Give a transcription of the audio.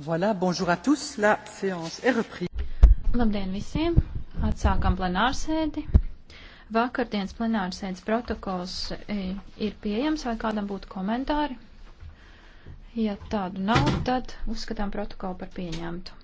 Voilà, bonjour à tous, la séance est reprise. Labdien visiem, atsākam plenārsēdi. Vakardienas plenārsēdes protokols e, ir pieejams, vai kādam būtu komentāri? Ja tādu nav, tad uzskatām protokolu par pieņemtu.